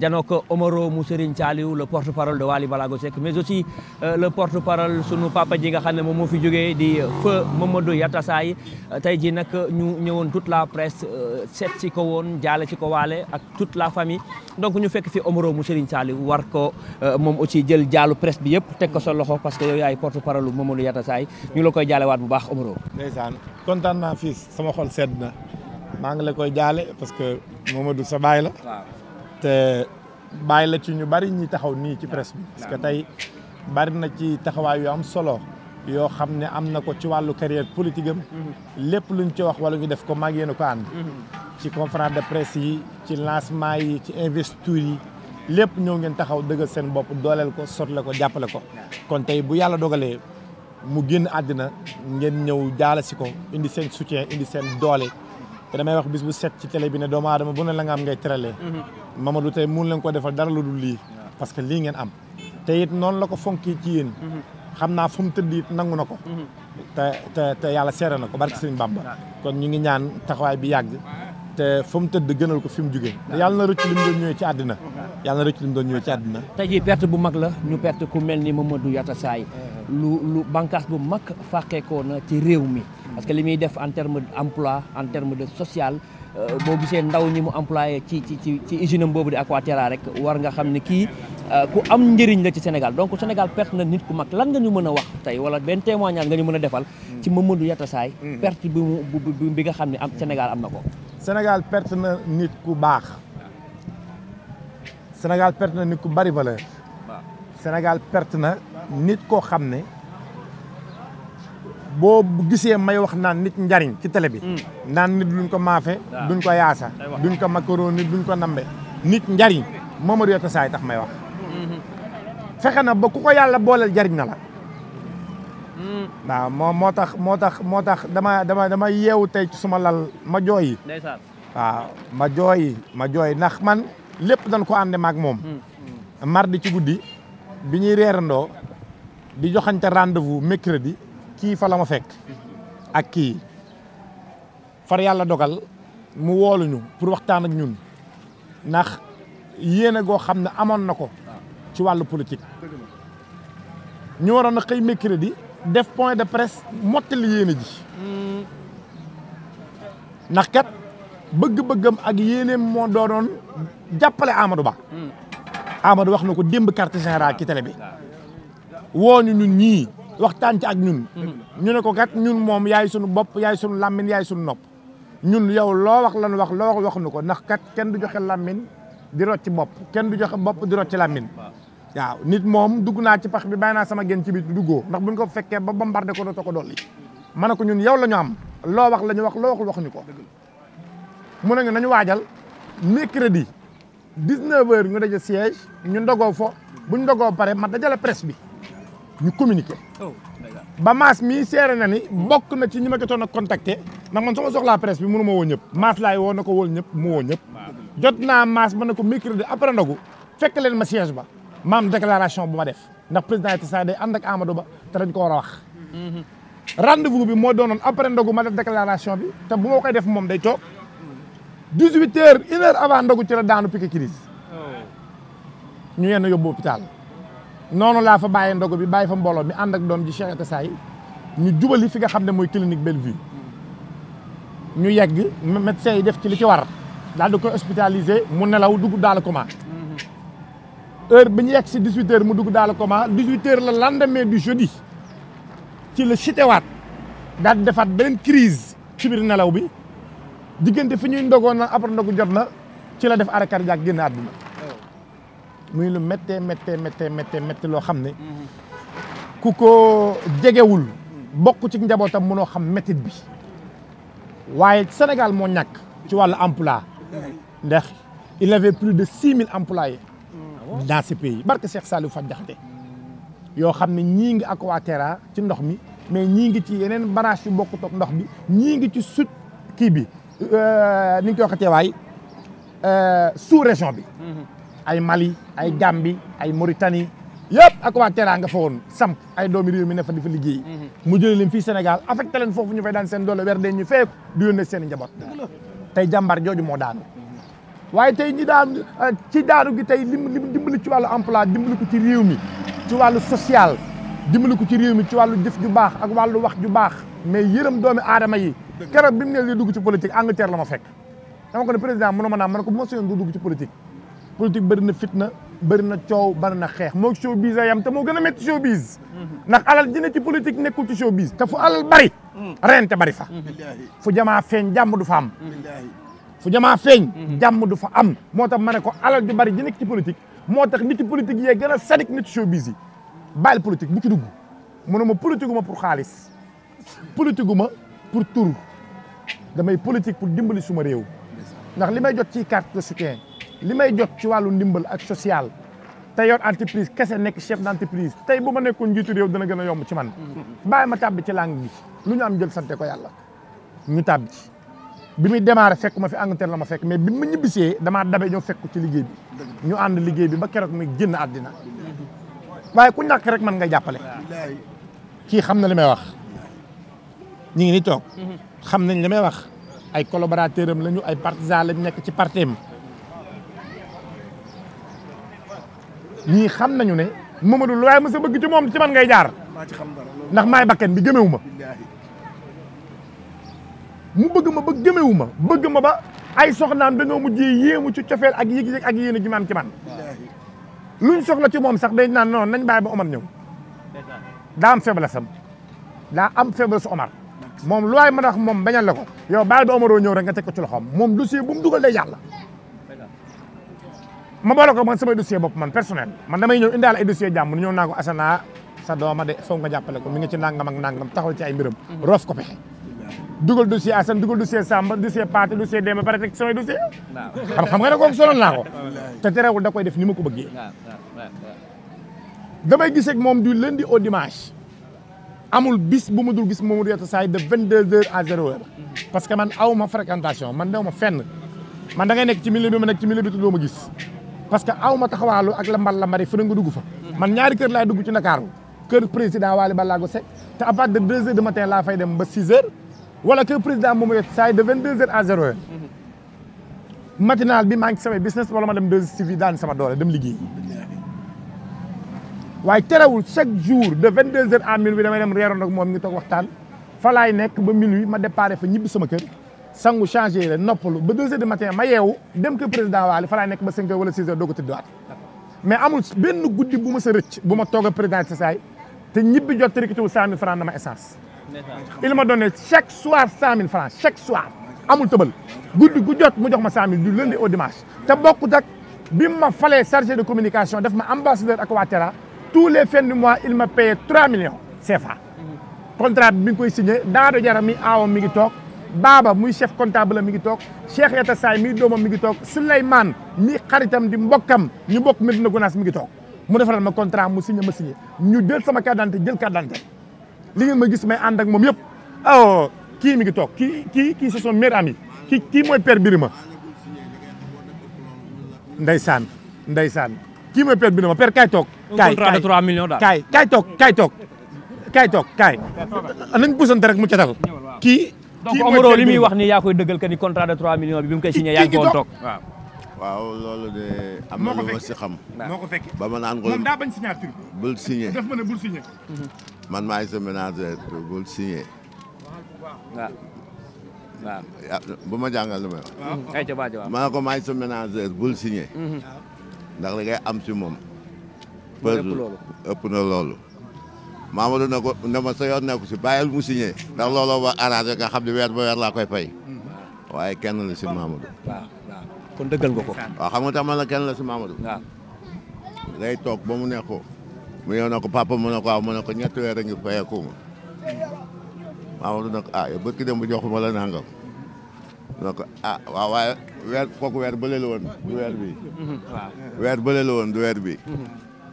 janook Omaro mu Serigne Thialiou le porte-parole de Wally Balago Seck mais aussi euh, le porte-parole sunu papa ji nga xam ne moom moo fi jógee di feu Mamadou Yatassaye euh, tey ji nag ñu ñëwoon toute la presse euh, set si ko woon jaale ci ko waale ak toute la famille donc ñu fekk fi omoro mu Serigne Thialiou war ko moom aussi jël jaalu presse bi yëpp teg ko sa loxo parce que yow yaay porte-parole Mamadou Yatassaye ñu la koy jaalewaat bu baax Omaro ndeysaan kontaan naa fii sama xol ngi la koy jaale parce que Mamadou te bàyyi la ci ñu bari ñi taxaw nii ci presse bi parce que tey bari na ci taxawaay yu am solo yoo xam ne am na ko ci wàllu carrière politique am mhm. lépp luñ ci wax wala ñu def ko mag yéen a ko ànd mhm. ci conférence de presse yi ci lancement yi ci investiture yi lépp ñëw ngeen taxaw dëgg seen bopp dooleel ko sotle ko jàppale ko kon tey bu yàlla dogalee mu génn àddina ngeen ñëw jaala si ko indi seen soutien indi seen doole te damay wax bis bu set ci télé bi ne doomu aadama bu ne la nga am ngay teralee mhm. Mamadou tey mun leen ko defal dara lu dul lii parce que lii ngeen am te it noonu la ko fonkee ci yéen mhm. xam naa fu mu tëdd it nangu na ko mhm. te te yàlla seere na ko barke Sëriñ Bamba kon ñu ngi ñaan taxawaay bi yàgg te fa mu tëdd gënal ko fi mu jugee yàlla na rëcc li doon ñëwee ci àddina yàlla na rëcc li mu doon ñëwee ci àddina tey jii perte bu mag la ñu perte ku mel ni Mamadou Yatassay lu lu bànqaas bu mag fàqeekoo na ci réew mi parce que li muy def en terme d'emploi en terme de social euh, boo gisee ndaw ñi mu employé ci ci ci ci usine am boobu di Aquaterra rek war nga xam ne kii euh, ku am njëriñ la ci Sénégal donc Sénégal perte na nit ku mag lan nga ñu mën a wax tey wala benn témoignage nga ñu mën a defal ci Mamadou Yatassay mhm. perte bi mu bi nga xam ne am Sénégal am na ko Sénégal perte na nit ku baax Sénégal perte na nit ku bari valeur Sénégal perte na nit koo xam ne boo gisee may wax naan nit njariñ ci tele bi mm. naan nit duñ ko maafe duñ ko yaasa duñ ko macaroni duñ ko nambe nit njariñ Mamadou Yatta Saay tax may wax mm-hmm. fexe na ba ku ko yàlla booleel jariñ na la mm. waaw moo tax moo tax moo tax dama dama dama yeewu tey suma lal ma jooyi waaw ma jooyi ma jooy ndax man lépp dañ ko ànde maak moom mm. mar di ci guddi bi ñuy reerandoo di joxante rendez-vous mercredi kii fa la ma fekk ak kii far yàlla dogal mu wooluñu pour waxtaan ak ñun ndax yéene goo xam ne amoon na ko ci wàllu politique ñu waroon a xëy mercredi def point de presse mottali yéene ji ndax kat bëgg-bëggam ak yéeneem moo doonoon jàppale Amadou Ba hmm. Amadou wax na ko démb carte générale ci télé bi woo ñun ñii waxtaan ci ak ñun ñu ne ko kat ñun moom yaay sunu bopp yaay sunu làmmiñ yaay sunu nopp ñun yow loo wax lan wax loo wax wax nu ko ndax kat kenn du joxe làmmiñ di rot ci kenn du joxe bopp di rot ci làmmiñ waaw nit moom dugg naa ci pax bi bàyyi naa sama gen ci biir duggoo ndax buñ ko fekkee ba bombardé ko dootoo ko dolli ma ne ko ñun yow la am loo wax la ñu wax loo wax ñu ko mu ne ñu nañu waajal mercredi 19 heures ñu daje siège ñu ndogoo fo buñ ndogoo pare ma dajale presse bi ñu communiqué. Oh, ba maas mii seere na ni bokk na ci ñi ma jotoon a contacté ndax man sama soxlaa presse bi mënu woo ñëpp maas laay woo na ko woo ñëpp mu woo ñëpp jot naa maas ma ne ko mercredi après ndogu fekk leen ma siège ba maam am déclaration bu ma def ndax président yi tasaay ànd ak Amadou Ba te ko war a wax mm-hmm. rendez-vous bi moo doonoon après ndogu ma def déclaration bi te bu ma koy def moom day toog dix huit heures une heure avant ndogu ci la daanu pique crise oh. ñu yenn yóbbu noonu laa fa bàyyi ndogu bi bàyyi fa mbooloo mi ànd ak doom ji Cheikh Tassay ñu jubali fi nga xam ne mooy clinique Bellevue ñu yegg médecin yi def ci li ci war daal di koy hospitalisé mu nelaw dugg daal a coma heure bi ñu yegg si 18 heures mu dugg daal coma 18 heures la lendemain du jeudi ci la chitewaat daal di defaat beneen crise ci biir nelaw bi diggante fi ñuy ndogoon na après ndogu jot na ci la def arrêt cardiaque génn àdduna muy lu méttee méttee méttee méttee métti loo xam ne mhm. ku ko jegewul bokk ci njabootam mënoo xam métit bi waaye Sénégal moo ñakk ci wàll emploi ndax il avait plus de six mille employés dans ce pays barke Cheikh Saliou fa jaxte yoo xam ne ñii ngi ak waa ci ndox mi mais ñii ngi ci yeneen barrage yu bokkut ak ndox mi ñii ngi ci sut kii bi euh, ni ñu koy waxatee waay euh, sous région bi mhm. ay Mali ay Gambie ay Mauritanie yëpp ak waa Teraanga fa woon samp ay doomi réew mi ne fa di fa liggéey mhm. mu jëlee leen fii Sénégal affecté leen foofu ñu fay daan seen doole weer dee ñu seen i njaboot tey jàmbar jooju moo daanu waaye tey ñi daan euh, ci daanu gi tey lim lim dimbali ci wàllu emploi dimbali ko ci réew mi ci wàllu social dimbali ko ci réew mi ci wàllu jëf ju baax ak wàllu wax ju baax mais yërëm doomi aadama yi keroog bi mu ne li dugg ci politique Angleterre la ma fekk dama ko ne président a ma naa ma ne ko bu ma soñoon politique bëri na fitna bëri na coow bëri na xeex moo showbiz a yam te moo gën a métti showbiz mhm. nax alal ji ne ci politique nekkul ci showbiz te fu alal bëri mhm. ren te bëri fa fu jamaa feeñ jàmm du fa am fu jamaa feeñ mhm. jàmm du fa am moo tax ma ne ko alal ju bëri ji nekk ci politique moo tax nit ci politique yee gën a sadik nit ci showbiz yi bàyyil politique bu ci dugg mu ne ma politique ma pour xaalis politique ma pour tur damay politique pour dimbali suma réew ndax li may jot ci carte de soutien li may jot ci wàllu ndimbal ak social te yor entreprise kese nekk chef d' entreprise tey bu ma nekkoon njiitu réew dana gën a yomb ci man bàyyi ma tàbbi ci langue bi lu ñu am jël sante ko yàlla ñu tàbbi ci bi muy démarré fekk ma fi Angleterre la ma fekk mais bi ma ñibbisee dama dabe ñoo fekku ci liggéey bi ñu ànd liggéey bi ba keroog muy génn àddina waaye ku ñàkk rek man nga jàppale kii xam na li may wax ñu ngi ni toog xam nañ la may wax ay collaborateur am lañu ay partisan lañ nekk ci parti am ñii xam nañu ne Mamadou lu waaye mësa bëgg ci moom ci man ngay jaar ndax maay bakken bi gëmewu ma mu bëgg ma ba gëmewu ma bëgg ma ba ay soxnaam dañoo mujjee yéemu ci cofeel ak yëg-yëg ak yéen a ci man luñ soxla ci moom sax dañ naan noon nañ bàyyi ba Omar ñëw daa am faiblesse am daa am faiblesse Omar moom lu waay mën a wax moom bañal la ko yow baa ba Omar ñëw rek nga teg ko ci loxoom moom du bu mu dugal day yàlla ma boole ko man samay dossier bopp man personnel man damay ñëw indaal ay dossier jàmm nu ñëw naa ko asana sa dooma de foog nga jàppale ko mi ngi ci nangam ak nangam taxaw ci ay mbiram roof ko pexe dugal dossier Assane dugal dossier Samba dossier Pathé pare teg samay dossier xam xam nga ne kooku sonal naa ko te terewul da koy def ni ma ko bëggee damay gis ak moom du lundi au dimanche amul bis bu ma dul gis Mamadou Yatassaye de vingt deux heures à zéro parce que man aw ma fréquentation man dew ma fenn man da ngay nekk ci milieu bi ma ci milieu ma gis parce que aw ma taxawaalu ak la mbal la mari fu ne nga dugg fa man ñaari kër laay dugg ci Ndakaaru kër président Waly Ballago Seck te à de deux heures laa fay dem ba six heures wala kër président moom yot saa yi de vingt matinal bi maa ngi sama business wala ma dem deux civi daan sama doole dem liggéey waaye terewul chaque jour de vingt deux heures à minuit damay dem reeroon ak moom ñu toog waxtaan fa laay nekk ba minuit ma déparé fa ñibbi sama kër sangu changé la noppalu ba deux heures du ma yeewu dem kër président Waly fa nekk ba cinq heures wala six heures doo ko tëddaat mais amul benn guddi bu ma sa rëcc bu ma toog a président ci saay te ñibbi jot tërikitiwu cent mille francs dama essence il m'a donné chaque soir cent mille francs chaque soir amul tëbal guddi gu jot mu jox ma cent mille du lundi au dimanche te bokkut ak bi ma falee chargé de communication def ma ambassadeur ak Watera tous les mi ngi koy signé daado jaram mi mi ngi baaba muy chef comptable mi ngi toog Cheikh Yatta Saay mi doomam mi ngi toog Souleymane mi xaritam di mbokkam ñu bokk na Gounass mi ngi toog mu defaral ma contrat mu signé ma signé ñu jël sama carte d'identité jël carte d'identité li ngeen ma gis may ànd moom yëpp oh kii mi ngi toog kii kii kii ce sont mes kii mooy père Birima ndeysaan ndeysaan kii mooy père Birima père kaay toog. kaay contrat de 3 millions daal kaay toog kaay toog kaay rek mu catal kii. donc Omaro li muy wax ni yaa koy dëggal que ni contrat de 3 millions bi bi mu koy signé yaa ngi ko waaw. loolu de am lu ma si xam. ba ma naan ko moom bul signé daf ma mhm. man maay sa bul signé. waaw bu ma jàngal li may wax. ma ne ko maay sa bul signé. Mhm. ndax da ngay am si moom. ëpp ëpp na loolu. Mamadou na ko ne yoon nekku si bàyyil mu signé ndax looloo ba arrangé nga xam ne weer ba weer laa koy fay waaye kenn la si Mamadou. kon dëggal nga ko. waaw xam nga tax man la kenn la si Mamadou. lay toog ba mu nekkoo. mu ñëw na ko papa mu ne ko mu ne ko ñetti weer a ngi fayeeku ma Mamadou na ko ah ko ah waaw waaye weer kooku weer bële la woon du weer bi. waaw weer bële woon du weer bi.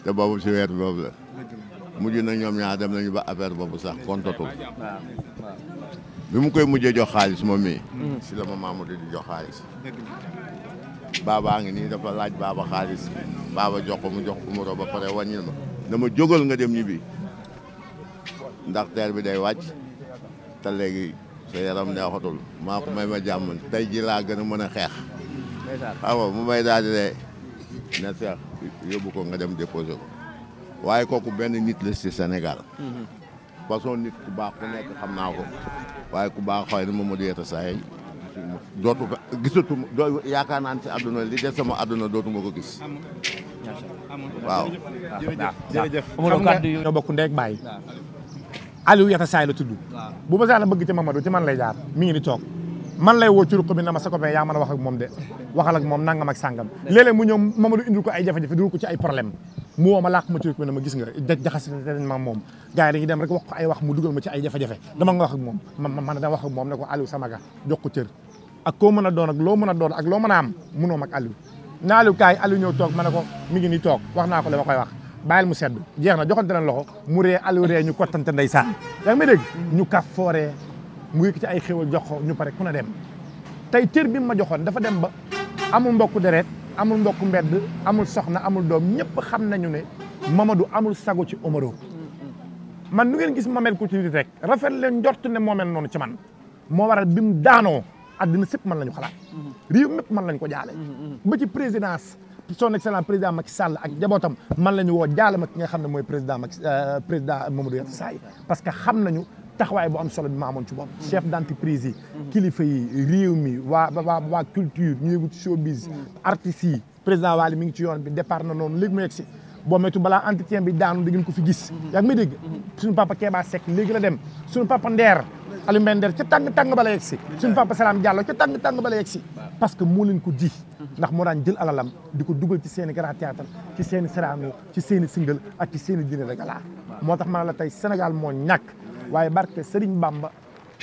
te boobu si weer boobu mujj na ñoom ñaar dem nañu ba affaire boobu sax kontatul bi mu koy mujjee jox xaalis moom mii mm. si la ma Mamadou di jox xaalis baabaa ngi nii dafa laaj baaba xaalis baaba jox ko mu jox ko ba pare wàññil ma dama jógal nga dem ñibbi ndax teer bi day wàcc te léegi sa yaram neexatul maa ko may ma jàmm tey ji laa gën a mën a xeex waaw mu may daal di ne seex yóbbu ko nga dem déposé ko waaye kooku benn nit la ci Sénégal. Mhm. façon nit ku baax ku nekk xam naa ko waaye ku baax xëy na moom moo di yeeta saay dootu fa gisatu doo yaakaar naa ne ci àdduna li des sama àdduna dootuma ko gis. waaw. jërëjëf xam nga ñoo bokk ndeeg bàyyi. Aliou Yata Saay la tudd. bu ma saana bëgg ci Mamadou ci man lay jaar mu ngi ni toog. man lay woo ci ruq bi na ma sa yaa mën a wax ak moom de waxal ak moom nangam ak sàngam léeg-léeg mu ñëw Mamadou indil ko ay jafe-jafe dugg ko ci ay problème mu woo ma làq ma ci rek ma gis nga jaxase nañ ma moom gars yi dañuy dem rek wax ko ay wax mu dugal ma ci ay jafe-jafe dama nga wax moom ma man dama wax moom ne ko Aliou Samaga jox ko cër ak koo mën a doon ak loo mën a doon ak loo mën a am munoo ak Aliou naalu kaay Aliou ñëw toog ma ne ko mi ngi nii toog wax naa ko dama koy wax bàyyil mu sedd jeex na joxante nañ loxo mu ree Aliou ree ñu kottante nday saa yaa ngi may ñu kaf fooree mu yëkk ci ay xéwal jox ko ñu pare ku na dem tey cër bi mu ma joxoon dafa dem ba amu mbokku deret amul ndokku mbedd amul soxna amul doom ñëpp xam nañu ne Mamadou amul sago ci Omaro man nu ngeen gis Mamel Koutiouli rek rafet leen njort ne moo mel noonu ci man moo war a bi mu daanoo àddina sëpp man la ñu xalaat réew mépp man lañ ko jaale ba ci présidence son excellent président Macky Sall ak jabootam man la ñu woo jaale ma ki nga xam ne mooy président Macky euh, président Mamadou Yassou Saay parce que xam nañu taxawaay bu am solo bi ma amoon ci bopp chef d'entreprise yi kilifa yi réew mi waa waa waa culture ñu yëgu ci showbiz artistes yi président Wally mi ngi ci yoon bi départ na noonu léegi mu yegsi boo méttu balaa entretien bi daanu da ngeen ko fi gis yaa ngi may dégg suñu papa Kéba Seck léegi la dem suñu papa Ndeer Aliou Mbender ca tàng tàng ba la yegsi suñu papa Salam Diallo ca tàng tàng ba la yegsi parce que moo leen ko ji ndax moo daan jël alalam di ko dugal ci seen i seen i seraano ci seen i single ak seen i dîner de moo tax ma la tey Sénégal moo ñàkk waaye barke Serigne Bamba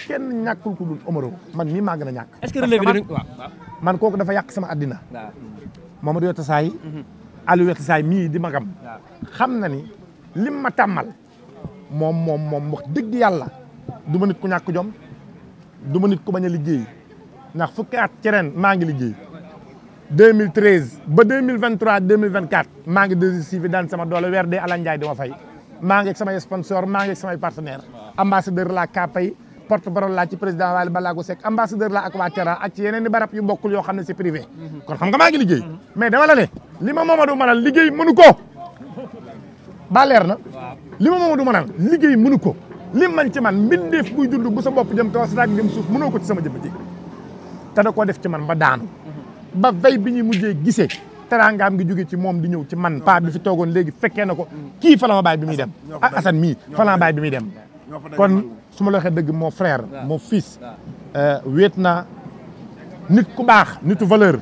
kenn ñàkkul ku dul Omaro man mii maa gën ñàkk. man kooku dafa yàq sama addina. waaw Mamadou Yota Saay. Mhm. Aliou Yota mii di magam. xam na ni lim ma tàmmal. moom moom moom wax dëgg yàlla du ma nit ku ñàkk jom du ma nit ku bañ a liggéey ndax fukki at ci ren maa ngi liggéey 2013 ba 2023 2024 maa ngi desi bi daan sama doole weer dee Alan Ndiaye di ma maa ngi ak samay sponsor maa ngi ak samay partenaire ambassadeur laa Kaapay porte-parole laa ci président Waly Ballago Seck ambassadeur laa ak waa Tera ak ci yeneen i barab yu bokkul yoo xam ne c'est privé. Mhm. kon xam nga a ngi liggéey. mais dama la ne li ma Mamadou mënal liggéey mënu ba leer na li ma Mamadou mënal liggéey mënu ko li man ci man mbindeef buy dund bu sa bopp jëm kaw sa jëm suuf mënoo ko ci sama jëmm ji te da koo def ci man ba daanu. Mhm. ba vey bi ñu mujjee gisee. teraangaam gi jóge ci moom di ñëw ci man paa bi fi toogoon léegi fekkee na ko mhm. kii fa la ah, bi muy dem ak Assane mii fa bi muy dem kon su ma la waxee dëgg mon frère mon fils euh, wéet naa nit ku baax nitu valeur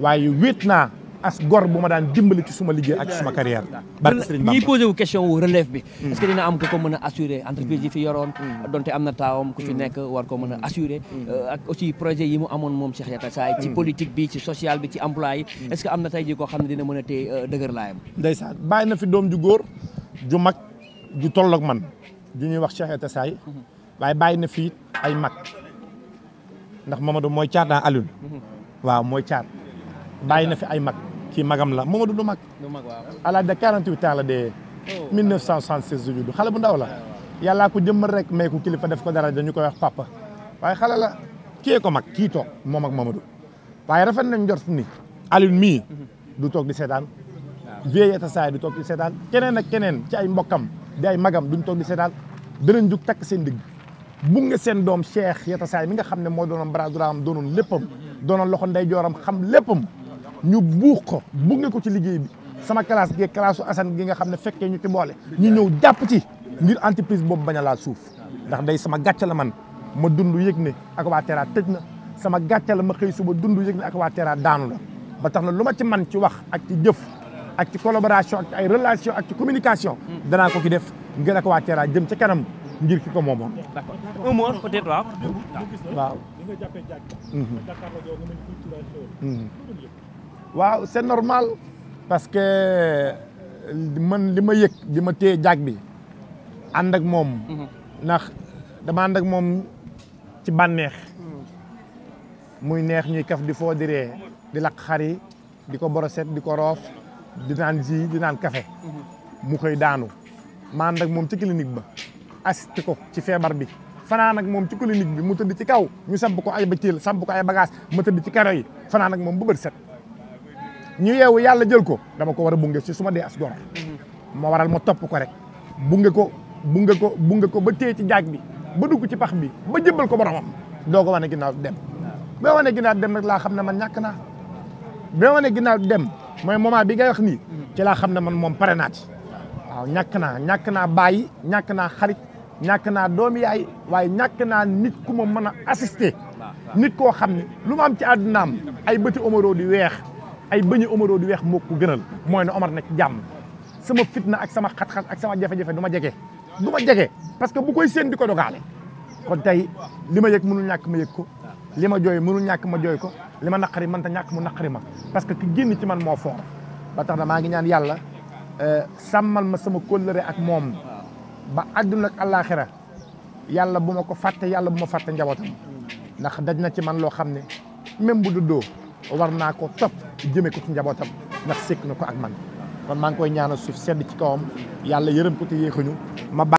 waaye wéet naa as gor bu ma daan dimbali ci suma liggéey ak suma carrière. barke Serigne Bamba wu question wu relève bi. est-ce dina am ku ko mën a assurer entreprise yi fi yoroon. Mm. donte am na taawam ku fi mm. nekk war ko mën a assurer. Mm. Euh, ak aussi projet yi mu amoon moom Cheikh Yata Saay ci politique bi ci social bi ci emploi yi. est-ce am na tey jii koo xam ne dina mën a téye euh, dëgër laayam. ndeysaan bàyyi na fi doom ju góor ju mag ju tolloog man. ju ñuy wax Cheikh Anta Saay waaye bàyyi na fii ay mag ndax Mamadou mooy caat naa waaw mooy caat bàyyi na fi ay mag kii magam la Mamadou du mag à l'âge de 48 ans la dee 1976 judd xale bu ndaw la yàlla ko jëmmal rek may ko kilifa def ko dara dañu koy wax papa waaye xale la kii ko mag kii toog moom ak Mamadou waaye rafet nañ njort ni Alioune mii mhm. du toog di seetaan vieille Anta Saay du toog di seetaan keneen ak keneen ci ay mbokkam di ay magam duñ toog di seetaan danañ jug takk seen digg bu nga seen doom Cheikh Yata Saay mi nga xam ne moo doonoon bras droit am doonoon léppam doonoon loxo ndeyjooram xam léppam ñu buux ko bu nga ko ci liggéey bi sama classe gee classe su gi nga xam ne fekkee ñu ci boole ñu ñëw jàpp ci ngir entreprise boobu bañ a laa suuf ndax day sama gàcce la man ma dund yëg ne ak waa tëj na sama gàcce la ma xëy suba dund yëg ne ak waa Terra daanu la ba na lu ma ci man ci wax ak jëf ak ci collaboration ak ay relation ak ci communication. danaa ko ci def ngir ak waa Thiera jëm ci kanam ngir ki ko moomoon. d'accord un mot peut mhm. waaw. c'est normal. parce que euh, man li ma yëg di ma téye jaag bi ànd ak moom. Mhm. ndax dama ànd ak moom ci bànneex. Mhm. muy neex ñuy kaf di foo di ree di lakk xar yi di ko boroset di ko roof. di naan ji di naan café mhm. mu xëy daanu maan nag moom ci clinique ba assisté ko ci feebar bi fanaan ak moom ci clinique bi mu tëdd ci kaw ñu samp ko ay bëccël samp ko ay bagage ma tëdd ci karo yi fanaan ak moom bu bët set ñu yeewu yàlla jël ko dama ko war a bunge si suma ma dee as gor moo mhm. waral ma topp ko rek bunge ko bunge ko bunge ko ba téye ci jaag bi ba dugg ci pax bi ba jëbbal ko boromam doo ko wane ginnaaw dem ba wane ginnaaw dem rek laa xam ne man ñàkk na ba wane ginnaaw dem mooy moment bi ngay wax nii ci laa xam ne man moom pare naa ci waaw ñàkk naa ñàkk naa bàyyi ñàkk naa xarit ñàkk naa doomu yaay waaye ñàkk naa nit ku ma mën a assister nit koo xam ne lu ma am ci àddunaam ay bëti Omaro di weex ay bëñi Omaro di weex moo ko gënal mooy ne Omar na ci jàmm sama fitna ak sama xat-xat ak sama jafe-jafe du ma jege du ma jege parce que bu koy seen di ko dogaale kon tey li ma yëg mënul ñàkk ma yëg ko li ma jooy mënul ñàkk ma jooy ko li ma naqari mënta ñàkk mu naqari ma parce que ki génn ci man moo foor ba tax na maa ngi ñaan yàlla euh, sàmmal ma sama kóllëre ak moom ba àdduna ak àllaaxira yàlla bu ma ko fàtte yàlla bu ma fàtte njabootam ndax daj na ci man loo xam ne même bu duddoo war naa ko topp jëmee ko ci njabootam ndax sekk na ko ak man kon maa ngi koy ñaanal suuf sedd ci kawam yàlla yërëm ko te yéexuñu ma